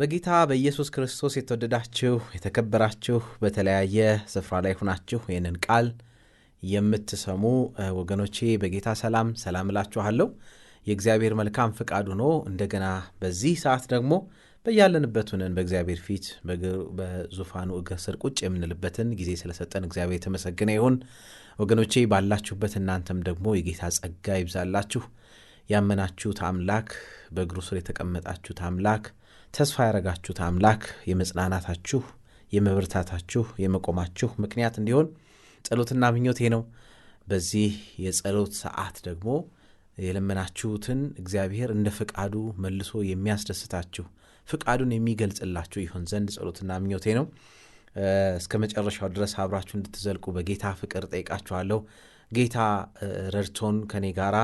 በጌታ በኢየሱስ ክርስቶስ የተወደዳችሁ የተከበራችሁ በተለያየ ስፍራ ላይ ሁናችሁ ይህንን ቃል የምትሰሙ ወገኖቼ በጌታ ሰላም ሰላም እላችኋለሁ። የእግዚአብሔር መልካም ፍቃድ ሆኖ እንደገና በዚህ ሰዓት ደግሞ በያለንበት ሁነን በእግዚአብሔር ፊት በዙፋኑ እግር ስር ቁጭ የምንልበትን ጊዜ ስለሰጠን እግዚአብሔር የተመሰገነ ይሁን። ወገኖቼ ባላችሁበት እናንተም ደግሞ የጌታ ጸጋ ይብዛላችሁ። ያመናችሁት አምላክ በእግሩ ስር የተቀመጣችሁት አምላክ ተስፋ ያደረጋችሁት አምላክ የመጽናናታችሁ፣ የመብርታታችሁ፣ የመቆማችሁ ምክንያት እንዲሆን ጸሎትና ምኞቴ ነው። በዚህ የጸሎት ሰዓት ደግሞ የለመናችሁትን እግዚአብሔር እንደ ፍቃዱ መልሶ የሚያስደስታችሁ ፍቃዱን የሚገልጽላችሁ ይሆን ዘንድ ጸሎትና ምኞቴ ነው። እስከ መጨረሻው ድረስ አብራችሁ እንድትዘልቁ በጌታ ፍቅር ጠይቃችኋለሁ። ጌታ ረድቶን ከኔ ጋራ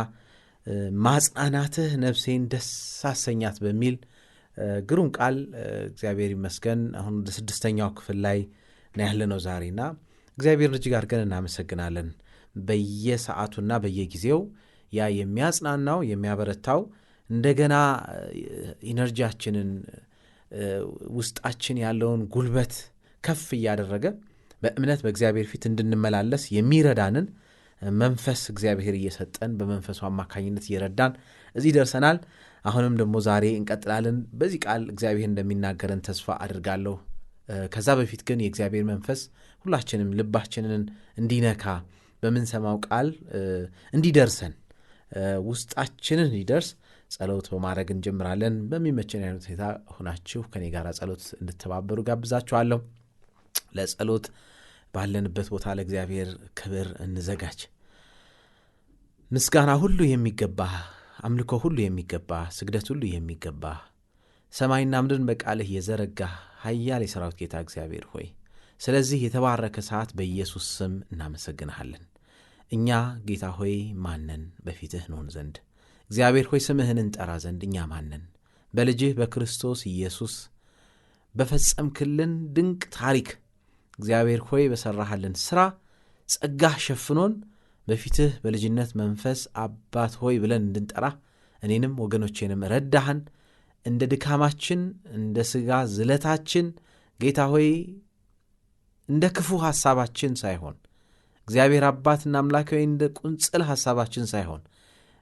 ማጽናናትህ ነፍሴን ደስ አሰኛት በሚል ግሩም ቃል እግዚአብሔር ይመስገን። አሁን ወደ ስድስተኛው ክፍል ላይ ነው ያለነው ዛሬና እግዚአብሔርን እጅግ አድርገን እናመሰግናለን። በየሰዓቱና በየጊዜው ያ የሚያጽናናው የሚያበረታው እንደገና ኢነርጂያችንን ውስጣችን ያለውን ጉልበት ከፍ እያደረገ በእምነት በእግዚአብሔር ፊት እንድንመላለስ የሚረዳንን መንፈስ እግዚአብሔር እየሰጠን በመንፈሱ አማካኝነት እየረዳን እዚህ ደርሰናል። አሁንም ደግሞ ዛሬ እንቀጥላለን። በዚህ ቃል እግዚአብሔር እንደሚናገረን ተስፋ አድርጋለሁ። ከዛ በፊት ግን የእግዚአብሔር መንፈስ ሁላችንም ልባችንን እንዲነካ በምንሰማው ቃል እንዲደርሰን ውስጣችንን እንዲደርስ ጸሎት በማድረግ እንጀምራለን። በሚመችን አይነት ሁኔታ ሆናችሁ ከኔ ጋር ጸሎት እንድተባበሩ ጋብዛችኋለሁ። ለጸሎት ባለንበት ቦታ ለእግዚአብሔር ክብር እንዘጋጅ። ምስጋና ሁሉ የሚገባህ፣ አምልኮ ሁሉ የሚገባህ፣ ስግደት ሁሉ የሚገባህ፣ ሰማይና ምድርን በቃልህ የዘረጋህ ኃያል የሠራዊት ጌታ እግዚአብሔር ሆይ ስለዚህ የተባረከ ሰዓት በኢየሱስ ስም እናመሰግንሃለን። እኛ ጌታ ሆይ ማነን በፊትህ ንሆን ዘንድ? እግዚአብሔር ሆይ ስምህን እንጠራ ዘንድ እኛ ማነን? በልጅህ በክርስቶስ ኢየሱስ በፈጸምክልን ድንቅ ታሪክ እግዚአብሔር ሆይ በሠራሃልን ሥራ ጸጋህ ሸፍኖን በፊትህ በልጅነት መንፈስ አባት ሆይ ብለን እንድንጠራ እኔንም ወገኖቼንም ረዳህን። እንደ ድካማችን እንደ ሥጋ ዝለታችን ጌታ ሆይ እንደ ክፉ ሐሳባችን ሳይሆን እግዚአብሔር አባትና አምላክ ወይ እንደ ቁንጽል ሐሳባችን ሳይሆን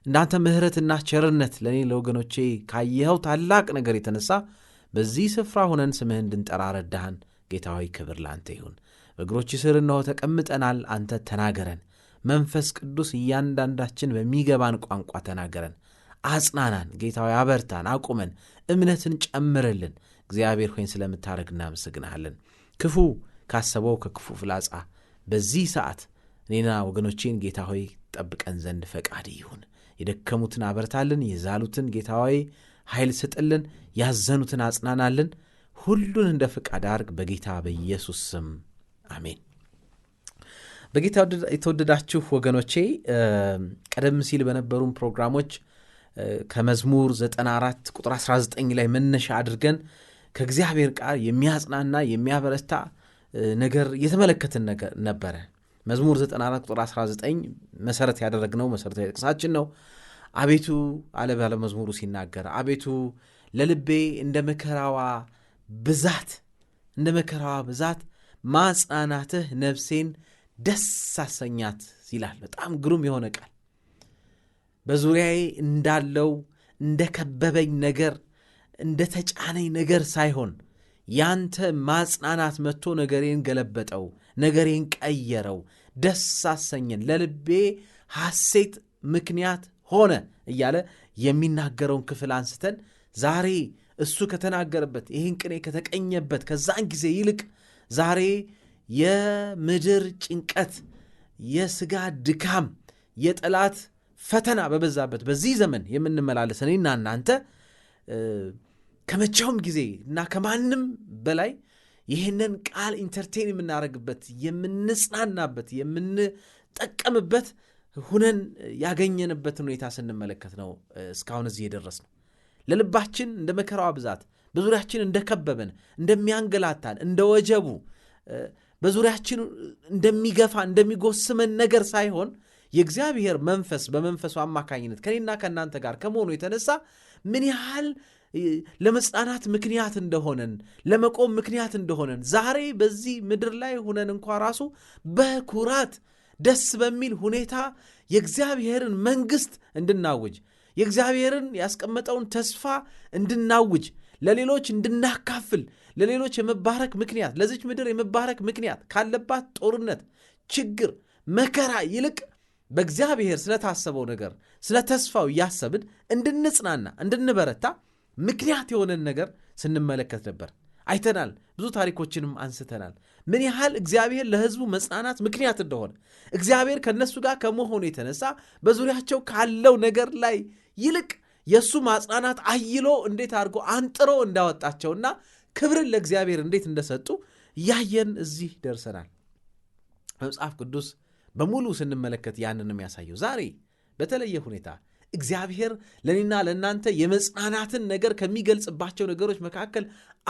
እንዳንተ ምሕረትና ቸርነት ለእኔ ለወገኖቼ ካየኸው ታላቅ ነገር የተነሳ በዚህ ስፍራ ሆነን ስምህ እንድንጠራ ረዳህን። ጌታ ሆይ ክብር ለአንተ ይሁን። በእግሮች ስር እነሆ ተቀምጠናል። አንተ ተናገረን መንፈስ ቅዱስ እያንዳንዳችን በሚገባን ቋንቋ ተናገረን፣ አጽናናን። ጌታዊ አበርታን፣ አቁመን፣ እምነትን ጨምርልን። እግዚአብሔር ሆይን ስለምታደርግ እናመሰግንሃለን። ክፉ ካሰበው ከክፉ ፍላጻ በዚህ ሰዓት እኔና ወገኖቼን ጌታ ሆይ ጠብቀን ዘንድ ፈቃድ ይሁን። የደከሙትን አበርታልን፣ የዛሉትን ጌታ ሆይ ኃይል ስጥልን፣ ያዘኑትን አጽናናልን። ሁሉን እንደ ፈቃድ አርግ በጌታ በኢየሱስ ስም አሜን። በጌታ የተወደዳችሁ ወገኖቼ ቀደም ሲል በነበሩን ፕሮግራሞች ከመዝሙር 94 ቁጥር 19 ላይ መነሻ አድርገን ከእግዚአብሔር ቃል የሚያጽናና የሚያበረታ ነገር የተመለከትን ነገር ነበረ። መዝሙር 94 ቁጥር 19 መሰረት ያደረግነው መሰረታዊ ጥቅሳችን ነው። አቤቱ አለ ባለ መዝሙሩ ሲናገር፣ አቤቱ ለልቤ እንደ መከራዋ ብዛት እንደ መከራዋ ብዛት ማጽናናትህ ነፍሴን ደስ አሰኛት ይላል። በጣም ግሩም የሆነ ቃል። በዙሪያዬ እንዳለው እንደ ከበበኝ ነገር እንደ ተጫነኝ ነገር ሳይሆን ያንተ ማጽናናት መጥቶ ነገሬን ገለበጠው፣ ነገሬን ቀየረው፣ ደስ አሰኘን፣ ለልቤ ሐሴት ምክንያት ሆነ እያለ የሚናገረውን ክፍል አንስተን ዛሬ እሱ ከተናገረበት ይህን ቅኔ ከተቀኘበት ከዛን ጊዜ ይልቅ ዛሬ የምድር ጭንቀት፣ የስጋ ድካም፣ የጠላት ፈተና በበዛበት በዚህ ዘመን የምንመላለስ እኔና እናንተ ከመቼውም ጊዜ እና ከማንም በላይ ይህንን ቃል ኢንተርቴን የምናደርግበት የምንጽናናበት፣ የምንጠቀምበት ሁነን ያገኘንበትን ሁኔታ ስንመለከት ነው እስካሁን እዚህ ነው። ለልባችን እንደ መከራዋ ብዛት በዙሪያችን እንደከበበን እንደሚያንገላታን እንደ ወጀቡ በዙሪያችን እንደሚገፋ እንደሚጎስመን ነገር ሳይሆን የእግዚአብሔር መንፈስ በመንፈሱ አማካኝነት ከኔና ከእናንተ ጋር ከመሆኑ የተነሳ ምን ያህል ለመጽናናት ምክንያት እንደሆነን ለመቆም ምክንያት እንደሆነን ዛሬ በዚህ ምድር ላይ ሆነን እንኳ ራሱ በኩራት ደስ በሚል ሁኔታ የእግዚአብሔርን መንግስት እንድናውጅ የእግዚአብሔርን ያስቀመጠውን ተስፋ እንድናውጅ ለሌሎች እንድናካፍል ለሌሎች የመባረክ ምክንያት ለዚች ምድር የመባረክ ምክንያት ካለባት ጦርነት፣ ችግር፣ መከራ ይልቅ በእግዚአብሔር ስለታሰበው ነገር ስለ ተስፋው እያሰብን እንድንጽናና እንድንበረታ ምክንያት የሆነን ነገር ስንመለከት ነበር። አይተናል። ብዙ ታሪኮችንም አንስተናል። ምን ያህል እግዚአብሔር ለሕዝቡ መጽናናት ምክንያት እንደሆነ እግዚአብሔር ከእነሱ ጋር ከመሆኑ የተነሳ በዙሪያቸው ካለው ነገር ላይ ይልቅ የእሱ ማጽናናት አይሎ እንዴት አድርጎ አንጥሮ እንዳወጣቸውና ክብርን ለእግዚአብሔር እንዴት እንደሰጡ ያየን እዚህ ደርሰናል። በመጽሐፍ ቅዱስ በሙሉ ስንመለከት ያንን የሚያሳየው ዛሬ በተለየ ሁኔታ እግዚአብሔር ለእኔና ለእናንተ የመጽናናትን ነገር ከሚገልጽባቸው ነገሮች መካከል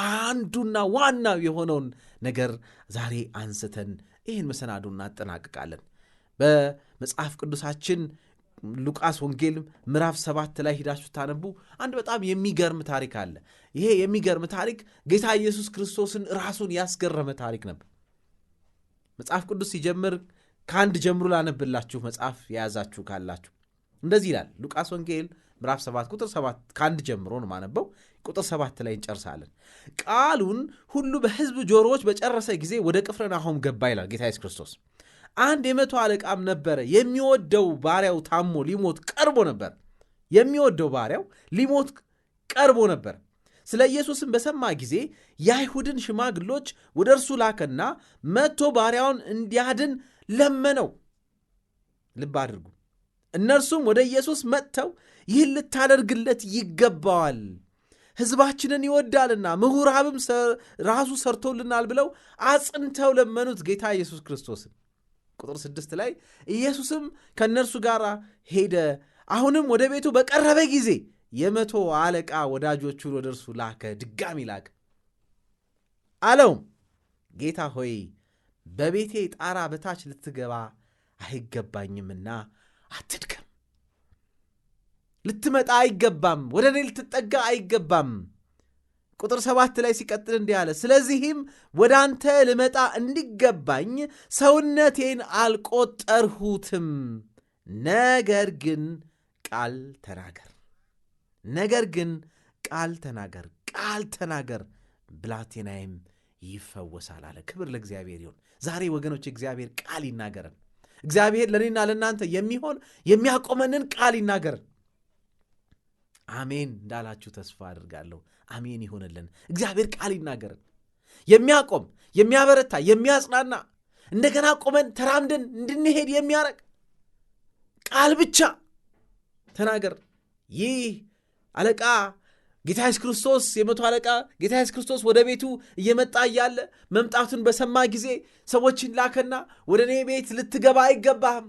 አንዱና ዋናው የሆነውን ነገር ዛሬ አንስተን ይህን መሰናዱ እናጠናቅቃለን። በመጽሐፍ ቅዱሳችን ሉቃስ ወንጌል ምዕራፍ ሰባት ላይ ሂዳችሁ ታነቡ አንድ በጣም የሚገርም ታሪክ አለ። ይሄ የሚገርም ታሪክ ጌታ ኢየሱስ ክርስቶስን ራሱን ያስገረመ ታሪክ ነበር። መጽሐፍ ቅዱስ ሲጀምር ከአንድ ጀምሮ ላነብላችሁ መጽሐፍ የያዛችሁ ካላችሁ እንደዚህ ይላል። ሉቃስ ወንጌል ምዕራፍ ሰባት ቁጥር ሰባት ከአንድ ጀምሮ ነው ማነበው። ቁጥር ሰባት ላይ እንጨርሳለን። ቃሉን ሁሉ በሕዝብ ጆሮዎች በጨረሰ ጊዜ ወደ ቅፍርናሆም ገባ ይላል ጌታ ኢየሱስ ክርስቶስ። አንድ የመቶ አለቃም ነበረ። የሚወደው ባሪያው ታሞ ሊሞት ቀርቦ ነበር። የሚወደው ባሪያው ሊሞት ቀርቦ ነበር። ስለ ኢየሱስም በሰማ ጊዜ የአይሁድን ሽማግሎች ወደ እርሱ ላከና መጥቶ ባሪያውን እንዲያድን ለመነው። ልብ አድርጉ። እነርሱም ወደ ኢየሱስ መጥተው ይህን ልታደርግለት ይገባዋል፣ ሕዝባችንን ይወዳልና ምሁራብም ራሱ ሰርቶልናል ብለው አጽንተው ለመኑት ጌታ ኢየሱስ ክርስቶስን። ቁጥር ስድስት ላይ ኢየሱስም ከእነርሱ ጋር ሄደ። አሁንም ወደ ቤቱ በቀረበ ጊዜ የመቶ አለቃ ወዳጆቹን ወደ እርሱ ላከ። ድጋሚ ላከ። አለውም ጌታ ሆይ በቤቴ ጣራ በታች ልትገባ አይገባኝምና አትድከም። ልትመጣ አይገባም። ወደ እኔ ልትጠጋ አይገባም። ቁጥር ሰባት ላይ ሲቀጥል እንዲህ አለ፣ ስለዚህም ወደ አንተ ልመጣ እንዲገባኝ ሰውነቴን አልቆጠርሁትም። ነገር ግን ቃል ተናገር፣ ነገር ግን ቃል ተናገር፣ ቃል ተናገር ብላቴናይም ይፈወሳል አለ። ክብር ለእግዚአብሔር ይሁን። ዛሬ ወገኖች እግዚአብሔር ቃል ይናገረን። እግዚአብሔር ለእኔና ለእናንተ የሚሆን የሚያቆመንን ቃል ይናገረን። አሜን እንዳላችሁ ተስፋ አድርጋለሁ። አሜን ይሆንልን። እግዚአብሔር ቃል ይናገርን፣ የሚያቆም የሚያበረታ፣ የሚያጽናና እንደገና ቆመን ተራምደን እንድንሄድ የሚያረግ ቃል ብቻ ተናገር። ይህ አለቃ ጌታ ኢየሱስ ክርስቶስ የመቶ አለቃ ጌታ ኢየሱስ ክርስቶስ ወደ ቤቱ እየመጣ እያለ መምጣቱን በሰማ ጊዜ ሰዎችን ላከና ወደ እኔ ቤት ልትገባ አይገባህም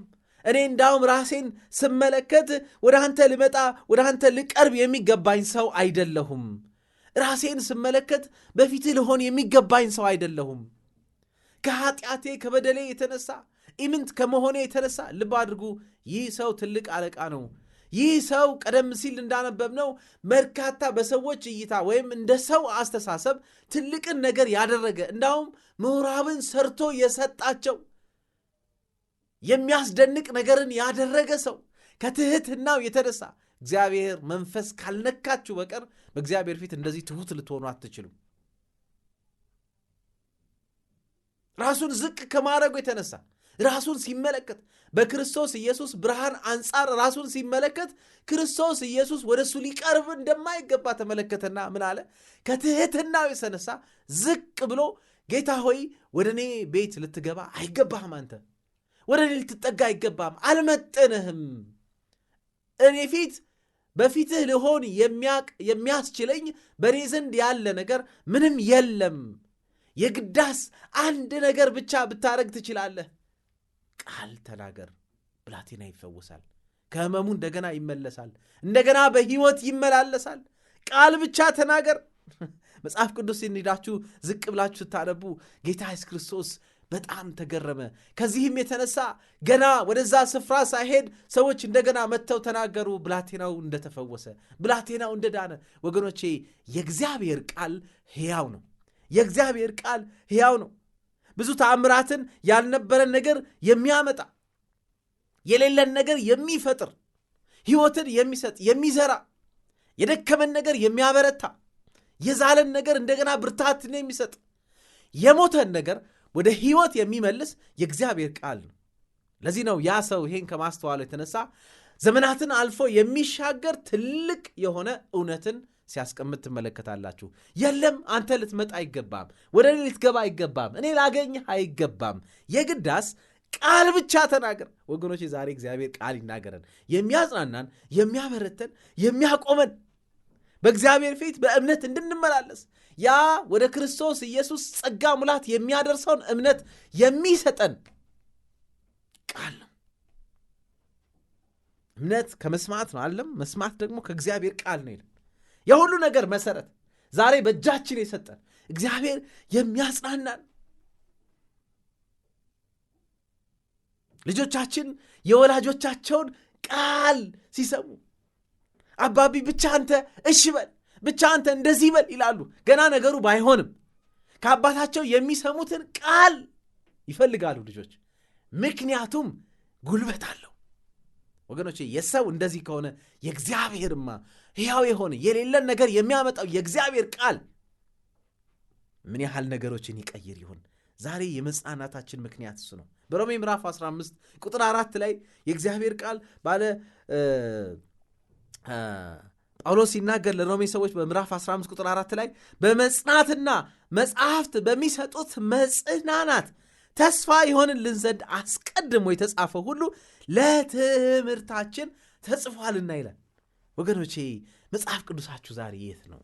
እኔ እንዳውም ራሴን ስመለከት ወደ አንተ ልመጣ ወደ አንተ ልቀርብ የሚገባኝ ሰው አይደለሁም። ራሴን ስመለከት በፊትህ ልሆን የሚገባኝ ሰው አይደለሁም። ከኃጢአቴ ከበደሌ የተነሳ ኢምንት ከመሆኔ የተነሳ ልብ አድርጉ፣ ይህ ሰው ትልቅ አለቃ ነው። ይህ ሰው ቀደም ሲል እንዳነበብነው በርካታ በሰዎች እይታ ወይም እንደ ሰው አስተሳሰብ ትልቅን ነገር ያደረገ እንዳውም ምሁራብን ሰርቶ የሰጣቸው የሚያስደንቅ ነገርን ያደረገ ሰው ከትህትናው የተነሳ እግዚአብሔር መንፈስ ካልነካችሁ በቀር በእግዚአብሔር ፊት እንደዚህ ትሑት ልትሆኑ አትችሉም። ራሱን ዝቅ ከማድረጉ የተነሳ ራሱን ሲመለከት በክርስቶስ ኢየሱስ ብርሃን አንጻር ራሱን ሲመለከት ክርስቶስ ኢየሱስ ወደ እሱ ሊቀርብ እንደማይገባ ተመለከተና ምን አለ? ከትህትናው የተነሳ ዝቅ ብሎ ጌታ ሆይ ወደ እኔ ቤት ልትገባ አይገባህም አንተ ወደ እኔ ልትጠጋ አይገባም፣ አልመጥንህም። እኔ ፊት በፊትህ ልሆን የሚያስችለኝ በእኔ ዘንድ ያለ ነገር ምንም የለም። የግዳስ አንድ ነገር ብቻ ብታደረግ ትችላለህ፣ ቃል ተናገር። ብላቴና ይፈወሳል። ከህመሙ እንደገና ይመለሳል። እንደገና በህይወት ይመላለሳል። ቃል ብቻ ተናገር። መጽሐፍ ቅዱስ ሄዳችሁ ዝቅ ብላችሁ ስታነቡ ጌታ ኢየሱስ ክርስቶስ በጣም ተገረመ። ከዚህም የተነሳ ገና ወደዛ ስፍራ ሳይሄድ ሰዎች እንደገና መጥተው ተናገሩ፣ ብላቴናው እንደተፈወሰ፣ ብላቴናው እንደዳነ። ወገኖቼ የእግዚአብሔር ቃል ሕያው ነው። የእግዚአብሔር ቃል ሕያው ነው። ብዙ ተአምራትን ያልነበረን ነገር የሚያመጣ የሌለን ነገር የሚፈጥር ሕይወትን የሚሰጥ የሚዘራ የደከመን ነገር የሚያበረታ የዛለን ነገር እንደገና ብርታትን የሚሰጥ የሞተን ነገር ወደ ህይወት የሚመልስ የእግዚአብሔር ቃል ነው። ለዚህ ነው ያ ሰው ይሄን ከማስተዋሉ የተነሳ ዘመናትን አልፎ የሚሻገር ትልቅ የሆነ እውነትን ሲያስቀምጥ ትመለከታላችሁ። የለም አንተ ልትመጣ አይገባም፣ ወደ እኔ ልትገባ አይገባም፣ እኔ ላገኝህ አይገባም፣ የግዳስ ቃል ብቻ ተናገር። ወገኖች ዛሬ እግዚአብሔር ቃል ይናገረን፣ የሚያጽናናን፣ የሚያበረተን፣ የሚያቆመን በእግዚአብሔር ፊት በእምነት እንድንመላለስ ያ ወደ ክርስቶስ ኢየሱስ ጸጋ ሙላት የሚያደርሰውን እምነት የሚሰጠን ቃል ነው። እምነት ከመስማት ነው አለም፣ መስማት ደግሞ ከእግዚአብሔር ቃል ነው ይላል። የሁሉ ነገር መሰረት ዛሬ በእጃችን የሰጠን እግዚአብሔር የሚያጽናናን ልጆቻችን የወላጆቻቸውን ቃል ሲሰሙ አባቢ ብቻ አንተ እሺ በል ብቻ አንተ እንደዚህ በል ይላሉ። ገና ነገሩ ባይሆንም ከአባታቸው የሚሰሙትን ቃል ይፈልጋሉ ልጆች። ምክንያቱም ጉልበት አለው። ወገኖቼ የሰው እንደዚህ ከሆነ የእግዚአብሔርማ ሕያው የሆነ የሌለን ነገር የሚያመጣው የእግዚአብሔር ቃል ምን ያህል ነገሮችን ይቀይር ይሆን? ዛሬ የመጽናናታችን ምክንያት እሱ ነው። በሮሜ ምዕራፍ 15 ቁጥር አራት ላይ የእግዚአብሔር ቃል ባለ ጳውሎስ ሲናገር ለሮሜ ሰዎች በምዕራፍ 15 ቁጥር 4 ላይ በመጽናትና መጽሐፍት በሚሰጡት መጽናናት ተስፋ ይሆንልን ዘንድ አስቀድሞ የተጻፈ ሁሉ ለትምህርታችን ተጽፏልና ይላል። ወገኖቼ መጽሐፍ ቅዱሳችሁ ዛሬ የት ነው?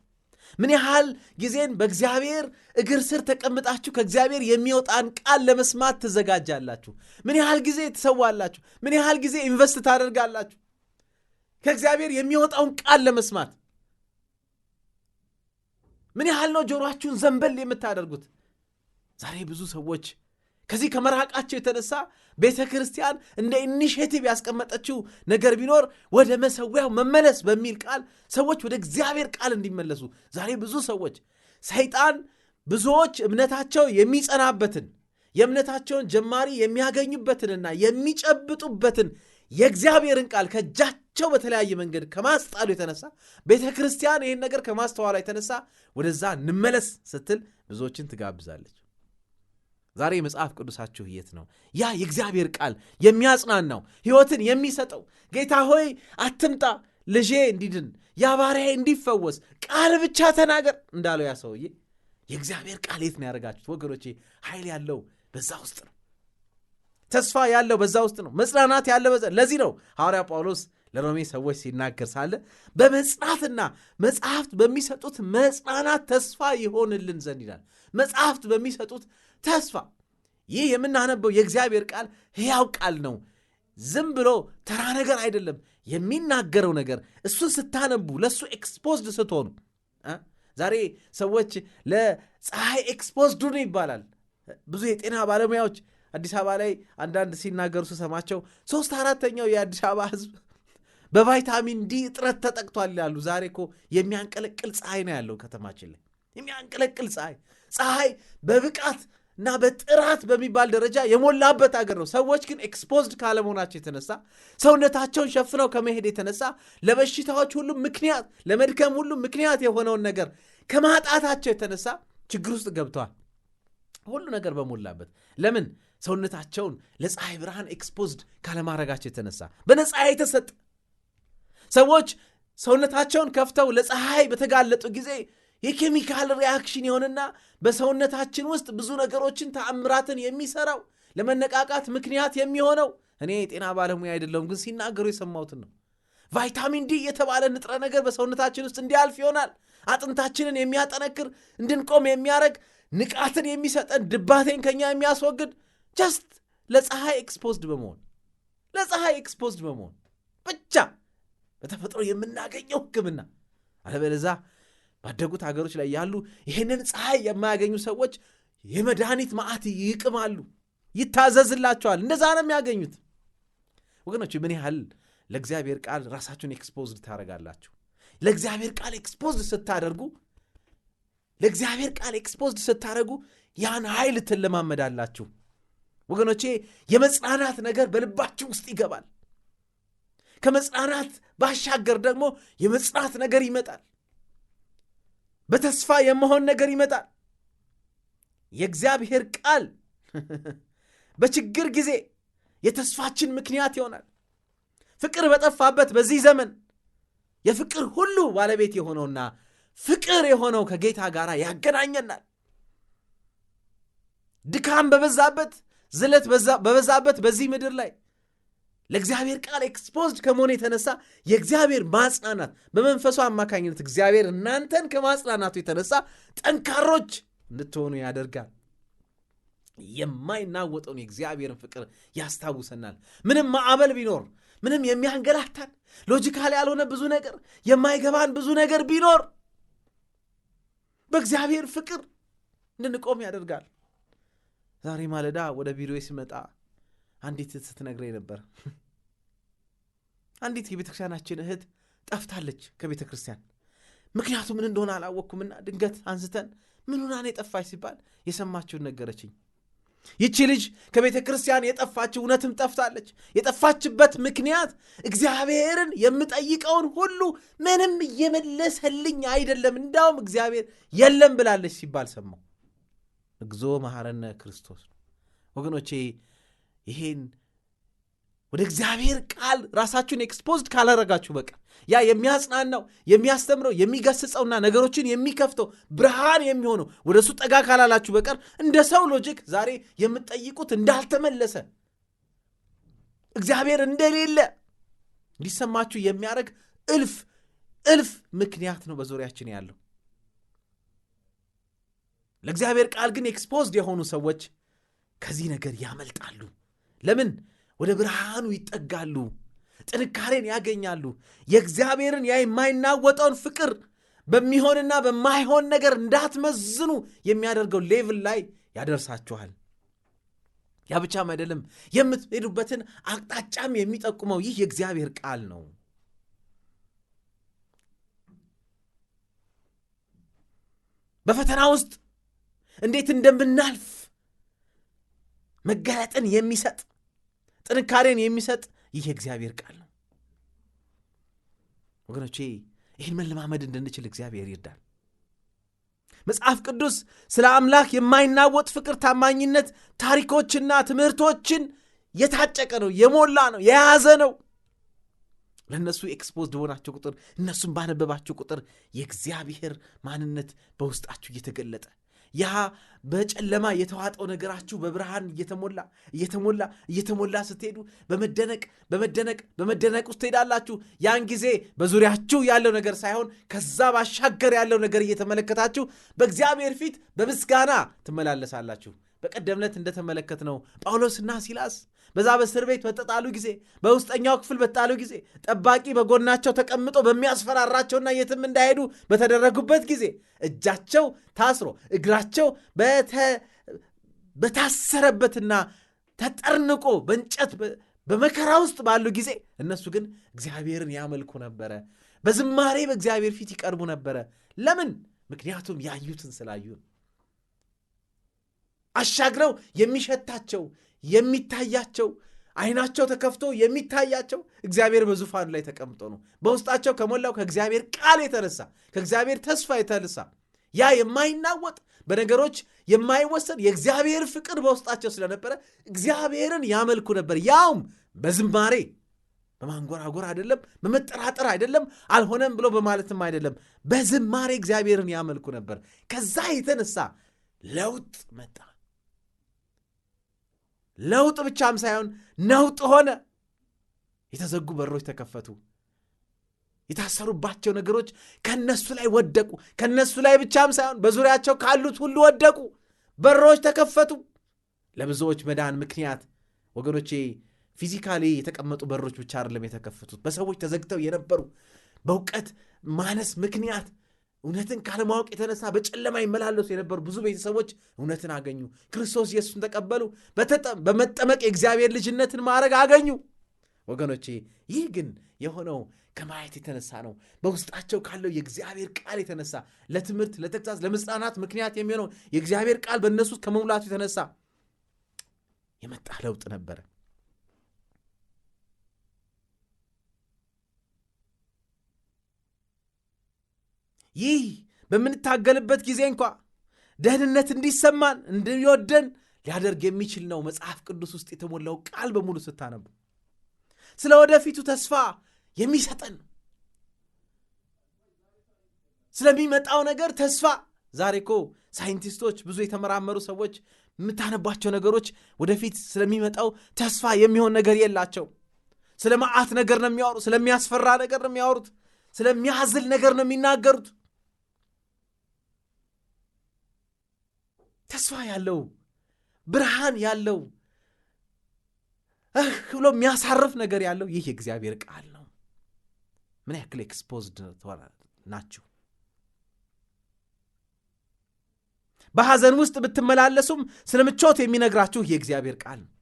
ምን ያህል ጊዜን በእግዚአብሔር እግር ስር ተቀምጣችሁ ከእግዚአብሔር የሚወጣን ቃል ለመስማት ትዘጋጃላችሁ? ምን ያህል ጊዜ ትሰዋላችሁ? ምን ያህል ጊዜ ኢንቨስት ታደርጋላችሁ? ከእግዚአብሔር የሚወጣውን ቃል ለመስማት ምን ያህል ነው ጆሮችሁን ዘንበል የምታደርጉት? ዛሬ ብዙ ሰዎች ከዚህ ከመራቃቸው የተነሳ ቤተ ክርስቲያን እንደ ኢኒሽቲቭ ያስቀመጠችው ነገር ቢኖር ወደ መሰዊያው መመለስ በሚል ቃል ሰዎች ወደ እግዚአብሔር ቃል እንዲመለሱ ዛሬ ብዙ ሰዎች ሰይጣን ብዙዎች እምነታቸው የሚጸናበትን የእምነታቸውን ጀማሪ የሚያገኙበትንና የሚጨብጡበትን የእግዚአብሔርን ቃል ከእጃቸው ብቻው በተለያየ መንገድ ከማስጣሉ የተነሳ ቤተ ክርስቲያን ይህን ነገር ከማስተዋላ የተነሳ ወደዛ እንመለስ ስትል ብዙዎችን ትጋብዛለች። ዛሬ የመጽሐፍ ቅዱሳችሁ የት ነው? ያ የእግዚአብሔር ቃል የሚያጽናናው ሕይወትን የሚሰጠው ጌታ ሆይ አትምጣ ልጄ እንዲድን ያ ባሪያዬ እንዲፈወስ ቃል ብቻ ተናገር እንዳለው ያ ሰውዬ የእግዚአብሔር ቃል የት ነው ያደረጋችሁት? ወገኖቼ ኃይል ያለው በዛ ውስጥ ነው። ተስፋ ያለው በዛ ውስጥ ነው። መጽናናት ያለው በዛ ለዚህ ነው ሐዋርያ ጳውሎስ ለሮሜ ሰዎች ሲናገር ሳለ በመጽናትና መጽሐፍት በሚሰጡት መጽናናት ተስፋ ይሆንልን ዘንድ ይላል። መጽሐፍት በሚሰጡት ተስፋ ይህ የምናነበው የእግዚአብሔር ቃል ሕያው ቃል ነው። ዝም ብሎ ተራ ነገር አይደለም። የሚናገረው ነገር እሱን ስታነቡ ለእሱ ኤክስፖዝድ ስትሆኑ ዛሬ ሰዎች ለፀሐይ ኤክስፖዝድ ነው ይባላል። ብዙ የጤና ባለሙያዎች አዲስ አበባ ላይ አንዳንድ ሲናገሩ ስሰማቸው ሶስት አራተኛው የአዲስ አበባ ህዝብ። በቫይታሚን ዲ እጥረት ተጠቅቷል ያሉ። ዛሬ እኮ የሚያንቀለቅል ፀሐይ ነው ያለው ከተማችን ላይ የሚያንቀለቅል ፀሐይ ፀሐይ በብቃት እና በጥራት በሚባል ደረጃ የሞላበት አገር ነው። ሰዎች ግን ኤክስፖዝድ ካለመሆናቸው የተነሳ ሰውነታቸውን ሸፍነው ከመሄድ የተነሳ ለበሽታዎች ሁሉ ምክንያት፣ ለመድከም ሁሉ ምክንያት የሆነውን ነገር ከማጣታቸው የተነሳ ችግር ውስጥ ገብተዋል። ሁሉ ነገር በሞላበት ለምን ሰውነታቸውን ለፀሐይ ብርሃን ኤክስፖዝድ ካለማድረጋቸው የተነሳ በነፃ የተሰጠ ሰዎች ሰውነታቸውን ከፍተው ለፀሐይ በተጋለጡ ጊዜ የኬሚካል ሪያክሽን የሆንና በሰውነታችን ውስጥ ብዙ ነገሮችን ተአምራትን የሚሰራው ለመነቃቃት ምክንያት የሚሆነው እኔ የጤና ባለሙያ አይደለሁም፣ ግን ሲናገሩ የሰማሁትን ነው። ቫይታሚን ዲ የተባለ ንጥረ ነገር በሰውነታችን ውስጥ እንዲያልፍ ይሆናል። አጥንታችንን የሚያጠነክር እንድንቆም የሚያደርግ ንቃትን የሚሰጠን ድባቴን ከኛ የሚያስወግድ ጀስት ለፀሐይ ኤክስፖዝድ በመሆን ለፀሐይ ኤክስፖዝድ በመሆን ብቻ በተፈጥሮ የምናገኘው ህክምና አለበለዛ ባደጉት ሀገሮች ላይ ያሉ ይህንን ፀሐይ የማያገኙ ሰዎች የመድኃኒት ማዕት ይቅማሉ፣ ይታዘዝላቸዋል። እንደዛ ነው የሚያገኙት። ወገኖች ምን ያህል ለእግዚአብሔር ቃል ራሳችሁን ኤክስፖዝድ ታደረጋላችሁ ለእግዚአብሔር ቃል ኤክስፖዝድ ስታደርጉ ለእግዚአብሔር ቃል ኤክስፖዝድ ስታደርጉ ያን ኃይል ትለማመዳላችሁ። ወገኖቼ የመጽናናት ነገር በልባችሁ ውስጥ ይገባል። ከመጽናናት ባሻገር ደግሞ የመጽናት ነገር ይመጣል። በተስፋ የመሆን ነገር ይመጣል። የእግዚአብሔር ቃል በችግር ጊዜ የተስፋችን ምክንያት ይሆናል። ፍቅር በጠፋበት በዚህ ዘመን የፍቅር ሁሉ ባለቤት የሆነውና ፍቅር የሆነው ከጌታ ጋር ያገናኘናል። ድካም በበዛበት፣ ዝለት በበዛበት በዚህ ምድር ላይ ለእግዚአብሔር ቃል ኤክስፖዝድ ከመሆኑ የተነሳ የእግዚአብሔር ማጽናናት በመንፈሱ አማካኝነት እግዚአብሔር እናንተን ከማጽናናቱ የተነሳ ጠንካሮች እንድትሆኑ ያደርጋል። የማይናወጠውን የእግዚአብሔርን ፍቅር ያስታውሰናል። ምንም ማዕበል ቢኖር፣ ምንም የሚያንገላታን ሎጂካል ያልሆነ ብዙ ነገር፣ የማይገባን ብዙ ነገር ቢኖር በእግዚአብሔር ፍቅር እንድንቆም ያደርጋል። ዛሬ ማለዳ ወደ ቢሮ ሲመጣ። አንዲት እህት ስትነግረኝ ነበር። አንዲት የቤተ ክርስቲያናችን እህት ጠፍታለች ከቤተ ክርስቲያን። ምክንያቱ ምን እንደሆነ አላወቅኩምና ድንገት አንስተን ምን ሆና ነው የጠፋች ሲባል የሰማችውን ነገረችኝ። ይቺ ልጅ ከቤተ ክርስቲያን የጠፋች እውነትም ጠፍታለች። የጠፋችበት ምክንያት እግዚአብሔርን የምጠይቀውን ሁሉ ምንም እየመለሰልኝ አይደለም፣ እንዳውም እግዚአብሔር የለም ብላለች ሲባል ሰማው እግዞ መሐረነ ክርስቶስ ወገኖቼ ይሄን ወደ እግዚአብሔር ቃል ራሳችሁን ኤክስፖዝድ ካላረጋችሁ በቃ ያ የሚያጽናናው የሚያስተምረው የሚገስጸውና ነገሮችን የሚከፍተው ብርሃን የሚሆነው ወደ እሱ ጠጋ ካላላችሁ በቀር እንደ ሰው ሎጂክ ዛሬ የምትጠይቁት እንዳልተመለሰ እግዚአብሔር እንደሌለ እንዲሰማችሁ የሚያደርግ እልፍ እልፍ ምክንያት ነው በዙሪያችን ያለው። ለእግዚአብሔር ቃል ግን ኤክስፖዝድ የሆኑ ሰዎች ከዚህ ነገር ያመልጣሉ። ለምን? ወደ ብርሃኑ ይጠጋሉ፣ ጥንካሬን ያገኛሉ። የእግዚአብሔርን ያ የማይናወጠውን ፍቅር በሚሆንና በማይሆን ነገር እንዳትመዝኑ የሚያደርገው ሌቭል ላይ ያደርሳችኋል። ያ ብቻም አይደለም፣ የምትሄዱበትን አቅጣጫም የሚጠቁመው ይህ የእግዚአብሔር ቃል ነው። በፈተና ውስጥ እንዴት እንደምናልፍ መገለጥን የሚሰጥ ጥንካሬን የሚሰጥ ይህ የእግዚአብሔር ቃል ነው። ወገኖቼ ይህን መለማመድ እንድንችል እግዚአብሔር ይርዳል። መጽሐፍ ቅዱስ ስለ አምላክ የማይናወጥ ፍቅር፣ ታማኝነት፣ ታሪኮችና ትምህርቶችን የታጨቀ ነው፣ የሞላ ነው፣ የያዘ ነው። ለእነሱ ኤክስፖዝድ በሆናቸው ቁጥር፣ እነሱም ባነበባቸው ቁጥር የእግዚአብሔር ማንነት በውስጣችሁ እየተገለጠ ያ በጨለማ የተዋጠው ነገራችሁ በብርሃን እየተሞላ እየተሞላ እየተሞላ ስትሄዱ በመደነቅ በመደነቅ በመደነቅ ውስጥ ትሄዳላችሁ። ያን ጊዜ በዙሪያችሁ ያለው ነገር ሳይሆን ከዛ ባሻገር ያለው ነገር እየተመለከታችሁ በእግዚአብሔር ፊት በምስጋና ትመላለሳላችሁ። በቀደምነት እንደተመለከትነው ጳውሎስና ሲላስ በዛ በእስር ቤት በተጣሉ ጊዜ፣ በውስጠኛው ክፍል በተጣሉ ጊዜ፣ ጠባቂ በጎናቸው ተቀምጦ በሚያስፈራራቸውና የትም እንዳይሄዱ በተደረጉበት ጊዜ እጃቸው ታስሮ እግራቸው በታሰረበትና ተጠርንቆ በእንጨት በመከራ ውስጥ ባሉ ጊዜ እነሱ ግን እግዚአብሔርን ያመልኩ ነበረ። በዝማሬ በእግዚአብሔር ፊት ይቀርቡ ነበረ። ለምን? ምክንያቱም ያዩትን ስላዩ አሻግረው የሚሸታቸው የሚታያቸው አይናቸው ተከፍቶ የሚታያቸው እግዚአብሔር በዙፋኑ ላይ ተቀምጦ ነው። በውስጣቸው ከሞላው ከእግዚአብሔር ቃል የተነሳ ከእግዚአብሔር ተስፋ የተነሳ ያ የማይናወጥ በነገሮች የማይወሰድ የእግዚአብሔር ፍቅር በውስጣቸው ስለነበረ እግዚአብሔርን ያመልኩ ነበር። ያውም በዝማሬ በማንጎራጎር አይደለም፣ በመጠራጠር አይደለም፣ አልሆነም ብሎ በማለትም አይደለም። በዝማሬ እግዚአብሔርን ያመልኩ ነበር። ከዛ የተነሳ ለውጥ መጣ። ለውጥ ብቻም ሳይሆን ነውጥ ሆነ። የተዘጉ በሮች ተከፈቱ። የታሰሩባቸው ነገሮች ከነሱ ላይ ወደቁ። ከነሱ ላይ ብቻም ሳይሆን በዙሪያቸው ካሉት ሁሉ ወደቁ። በሮች ተከፈቱ። ለብዙዎች መዳን ምክንያት ወገኖቼ ፊዚካሊ የተቀመጡ በሮች ብቻ አይደለም የተከፈቱት። በሰዎች ተዘግተው የነበሩ በእውቀት ማነስ ምክንያት እውነትን ካለማወቅ የተነሳ በጨለማ ይመላለሱ የነበሩ ብዙ ቤተሰቦች እውነትን አገኙ። ክርስቶስ ኢየሱስን ተቀበሉ። በመጠመቅ የእግዚአብሔር ልጅነትን ማድረግ አገኙ። ወገኖቼ ይህ ግን የሆነው ከማየት የተነሳ ነው። በውስጣቸው ካለው የእግዚአብሔር ቃል የተነሳ ለትምህርት፣ ለተግሳጽ፣ ለመጽናናት ምክንያት የሚሆነው የእግዚአብሔር ቃል በእነሱ ከመሙላቱ የተነሳ የመጣ ለውጥ ነበረ። ይህ በምንታገልበት ጊዜ እንኳ ደህንነት እንዲሰማን እንዲወደን ሊያደርግ የሚችል ነው። መጽሐፍ ቅዱስ ውስጥ የተሞላው ቃል በሙሉ ስታነቡ ስለ ወደፊቱ ተስፋ የሚሰጠን ስለሚመጣው ነገር ተስፋ ዛሬ እኮ ሳይንቲስቶች፣ ብዙ የተመራመሩ ሰዎች የምታነባቸው ነገሮች ወደፊት ስለሚመጣው ተስፋ የሚሆን ነገር የላቸው። ስለ መዓት ነገር ነው የሚያወሩ ስለሚያስፈራ ነገር ነው የሚያወሩት። ስለሚያዝል ነገር ነው የሚናገሩት። ተስፋ ያለው ብርሃን ያለው እህ ብሎ የሚያሳርፍ ነገር ያለው ይህ የእግዚአብሔር ቃል ነው። ምን ያክል ኤክስፖዝድ ናችሁ? በሐዘን ውስጥ ብትመላለሱም ስለ ምቾት የሚነግራችሁ የእግዚአብሔር ቃል ነው።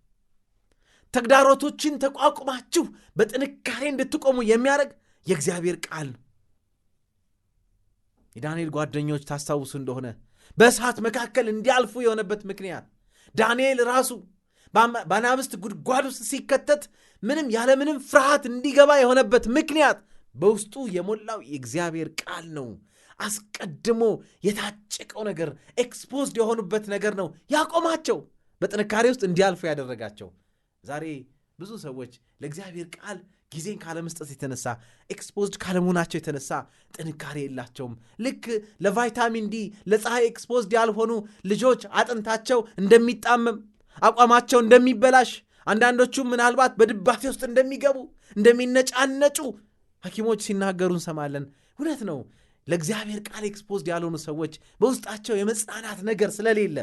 ተግዳሮቶችን ተቋቁማችሁ በጥንካሬ እንድትቆሙ የሚያደርግ የእግዚአብሔር ቃል ነው። የዳንኤል ጓደኞች ታስታውሱ እንደሆነ በእሳት መካከል እንዲያልፉ የሆነበት ምክንያት ዳንኤል ራሱ በአናብስት ጉድጓድ ውስጥ ሲከተት ምንም ያለምንም ፍርሃት እንዲገባ የሆነበት ምክንያት በውስጡ የሞላው የእግዚአብሔር ቃል ነው። አስቀድሞ የታጨቀው ነገር ኤክስፖዝድ የሆኑበት ነገር ነው ያቆማቸው፣ በጥንካሬ ውስጥ እንዲያልፉ ያደረጋቸው። ዛሬ ብዙ ሰዎች ለእግዚአብሔር ቃል ጊዜን ካለመስጠት የተነሳ ኤክስፖዝድ ካለመሆናቸው የተነሳ ጥንካሬ የላቸውም። ልክ ለቫይታሚን ዲ ለፀሐይ ኤክስፖዝድ ያልሆኑ ልጆች አጥንታቸው እንደሚጣመም፣ አቋማቸው እንደሚበላሽ፣ አንዳንዶቹ ምናልባት በድባቴ ውስጥ እንደሚገቡ እንደሚነጫነጩ ሐኪሞች ሲናገሩ እንሰማለን። እውነት ነው። ለእግዚአብሔር ቃል ኤክስፖዝድ ያልሆኑ ሰዎች በውስጣቸው የመጽናናት ነገር ስለሌለ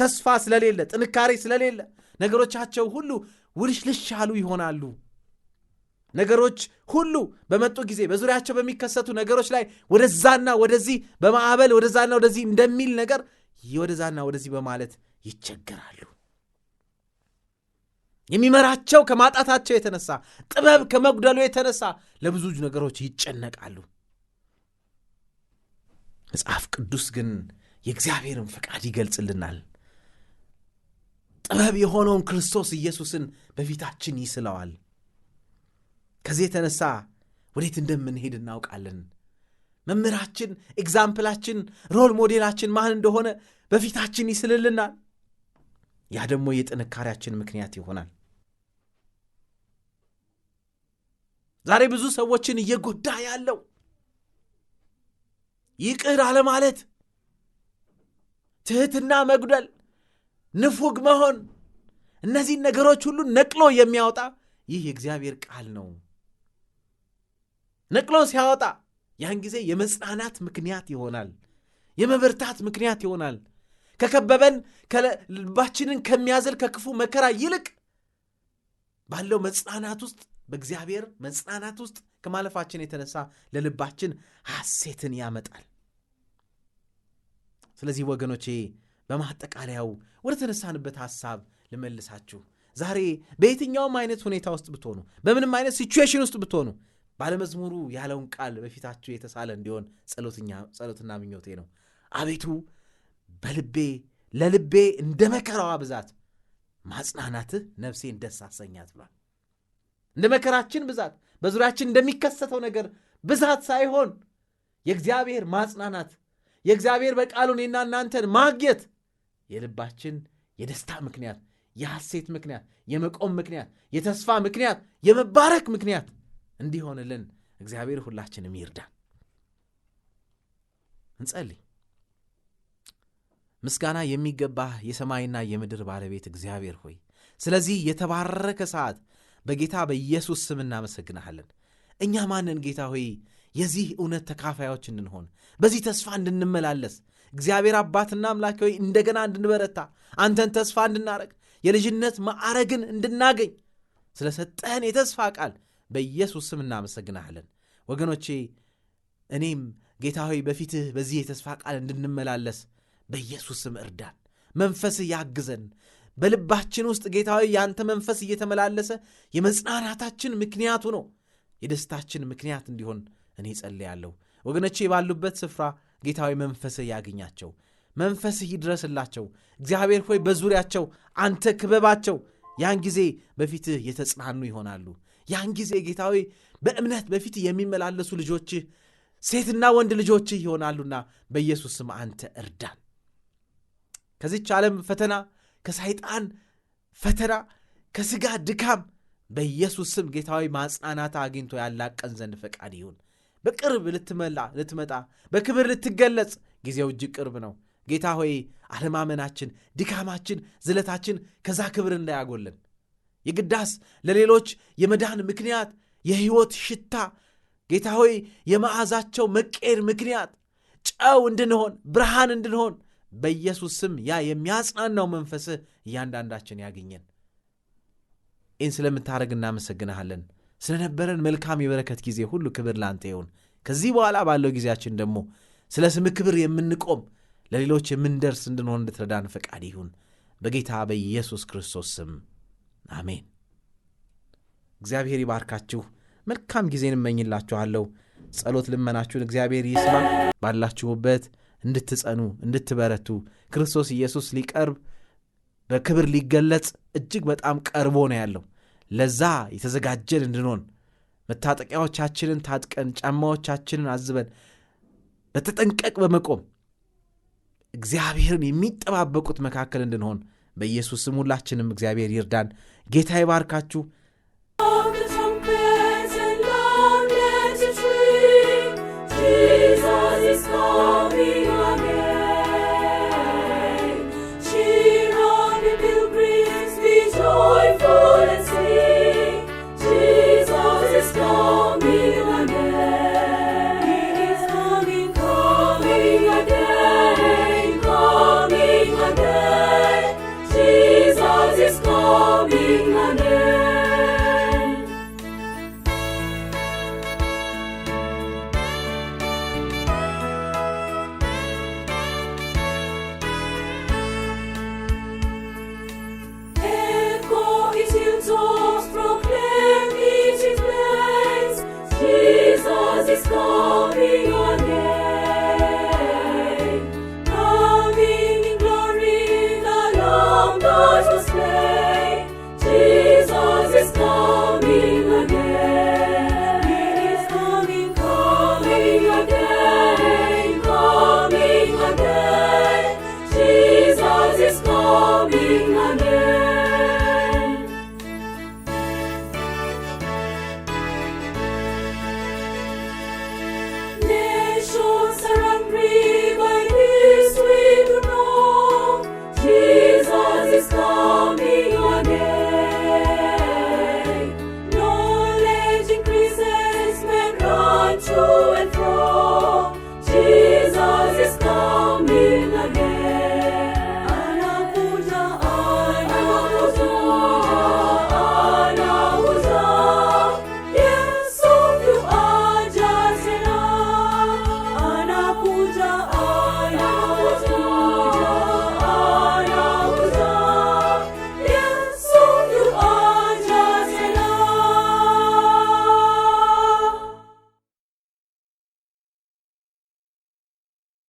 ተስፋ ስለሌለ ጥንካሬ ስለሌለ ነገሮቻቸው ሁሉ ውልሽልሽ ያሉ ይሆናሉ። ነገሮች ሁሉ በመጡ ጊዜ በዙሪያቸው በሚከሰቱ ነገሮች ላይ ወደዛና ወደዚህ በማዕበል ወደዛና ወደዚህ እንደሚል ነገር ወደዛና ወደዚህ በማለት ይቸገራሉ። የሚመራቸው ከማጣታቸው የተነሳ ጥበብ ከመጉደሉ የተነሳ ለብዙ ነገሮች ይጨነቃሉ። መጽሐፍ ቅዱስ ግን የእግዚአብሔርን ፈቃድ ይገልጽልናል። ጥበብ የሆነውን ክርስቶስ ኢየሱስን በፊታችን ይስለዋል። ከዚህ የተነሳ ወዴት እንደምንሄድ እናውቃለን። መምህራችን፣ ኤግዛምፕላችን፣ ሮል ሞዴላችን ማን እንደሆነ በፊታችን ይስልልናል። ያ ደግሞ የጥንካሬያችን ምክንያት ይሆናል። ዛሬ ብዙ ሰዎችን እየጎዳ ያለው ይቅር አለማለት፣ ትሕትና መጉደል፣ ንፉግ መሆን፣ እነዚህን ነገሮች ሁሉ ነቅሎ የሚያወጣ ይህ የእግዚአብሔር ቃል ነው። ነቅሎ ሲያወጣ ያን ጊዜ የመጽናናት ምክንያት ይሆናል፣ የመበርታት ምክንያት ይሆናል። ከከበበን ልባችንን ከሚያዘል ከክፉ መከራ ይልቅ ባለው መጽናናት ውስጥ በእግዚአብሔር መጽናናት ውስጥ ከማለፋችን የተነሳ ለልባችን ሐሴትን ያመጣል። ስለዚህ ወገኖቼ በማጠቃለያው ወደ ተነሳንበት ሐሳብ ልመልሳችሁ። ዛሬ በየትኛውም አይነት ሁኔታ ውስጥ ብትሆኑ፣ በምንም አይነት ሲቹዌሽን ውስጥ ብትሆኑ ባለመዝሙሩ ያለውን ቃል በፊታችሁ የተሳለ እንዲሆን ጸሎትና ምኞቴ ነው። አቤቱ በልቤ ለልቤ እንደ መከራዋ ብዛት ማጽናናትህ ነፍሴን ደስ አሰኛት ብሏል። እንደ መከራችን ብዛት በዙሪያችን እንደሚከሰተው ነገር ብዛት ሳይሆን የእግዚአብሔር ማጽናናት የእግዚአብሔር በቃሉን እኔና እናንተን ማግኘት የልባችን የደስታ ምክንያት፣ የሐሴት ምክንያት፣ የመቆም ምክንያት፣ የተስፋ ምክንያት፣ የመባረክ ምክንያት እንዲሆንልን እግዚአብሔር ሁላችንም ይርዳን። እንጸልይ። ምስጋና የሚገባህ የሰማይና የምድር ባለቤት እግዚአብሔር ሆይ ስለዚህ የተባረከ ሰዓት በጌታ በኢየሱስ ስም እናመሰግናሃለን እኛ ማንን ጌታ ሆይ የዚህ እውነት ተካፋዮች እንድንሆን በዚህ ተስፋ እንድንመላለስ እግዚአብሔር አባትና አምላክ ሆይ እንደገና እንድንበረታ አንተን ተስፋ እንድናረግ የልጅነት ማዕረግን እንድናገኝ ስለሰጠህን የተስፋ ቃል በኢየሱስ ስም እናመሰግናለን። ወገኖቼ እኔም ጌታ ሆይ በፊትህ በዚህ የተስፋ ቃል እንድንመላለስ በኢየሱስ ስም እርዳን። መንፈስህ ያግዘን። በልባችን ውስጥ ጌታ ሆይ የአንተ መንፈስ እየተመላለሰ የመጽናናታችን ምክንያቱ ነው የደስታችን ምክንያት እንዲሆን እኔ ጸልያለሁ። ወገኖቼ ባሉበት ስፍራ ጌታዊ መንፈስህ ያገኛቸው፣ መንፈስህ ይድረስላቸው። እግዚአብሔር ሆይ በዙሪያቸው አንተ ክበባቸው። ያን ጊዜ በፊትህ የተጽናኑ ይሆናሉ። ያን ጊዜ ጌታዊ በእምነት በፊት የሚመላለሱ ልጆች ሴትና ወንድ ልጆች ይሆናሉና በኢየሱስ ስም አንተ እርዳን። ከዚች ዓለም ፈተና፣ ከሳይጣን ፈተና፣ ከስጋ ድካም በኢየሱስ ስም ጌታዊ ማጽናናት አግኝቶ ያላቀን ዘንድ ፈቃድ ይሁን። በቅርብ ልትመላ ልትመጣ በክብር ልትገለጽ ጊዜው እጅግ ቅርብ ነው። ጌታ ሆይ አለማመናችን፣ ድካማችን፣ ዝለታችን ከዛ ክብር እንዳያጎልን የግዳስ ለሌሎች የመዳን ምክንያት፣ የሕይወት ሽታ ጌታ ሆይ የመዓዛቸው መቀየር ምክንያት፣ ጨው እንድንሆን ብርሃን እንድንሆን በኢየሱስ ስም ያ የሚያጽናናው መንፈስህ እያንዳንዳችን ያገኘን ይህን ስለምታደረግ እናመሰግንሃለን። ስለነበረን መልካም የበረከት ጊዜ ሁሉ ክብር ላንተ ይሁን። ከዚህ በኋላ ባለው ጊዜያችን ደግሞ ስለ ስም ክብር የምንቆም ለሌሎች የምንደርስ እንድንሆን እንድትረዳን ፈቃድ ይሁን። በጌታ በኢየሱስ ክርስቶስ ስም አሜን። እግዚአብሔር ይባርካችሁ። መልካም ጊዜን እመኝላችኋለሁ። ጸሎት ልመናችሁን እግዚአብሔር ይስማ። ባላችሁበት እንድትጸኑ እንድትበረቱ፣ ክርስቶስ ኢየሱስ ሊቀርብ በክብር ሊገለጽ እጅግ በጣም ቀርቦ ነው ያለው። ለዛ የተዘጋጀን እንድንሆን መታጠቂያዎቻችንን ታጥቀን ጫማዎቻችንን አዝበን በተጠንቀቅ በመቆም እግዚአብሔርን የሚጠባበቁት መካከል እንድንሆን በኢየሱስ ስም ሁላችንም እግዚአብሔር ይርዳን። ጌታ ይባርካችሁ።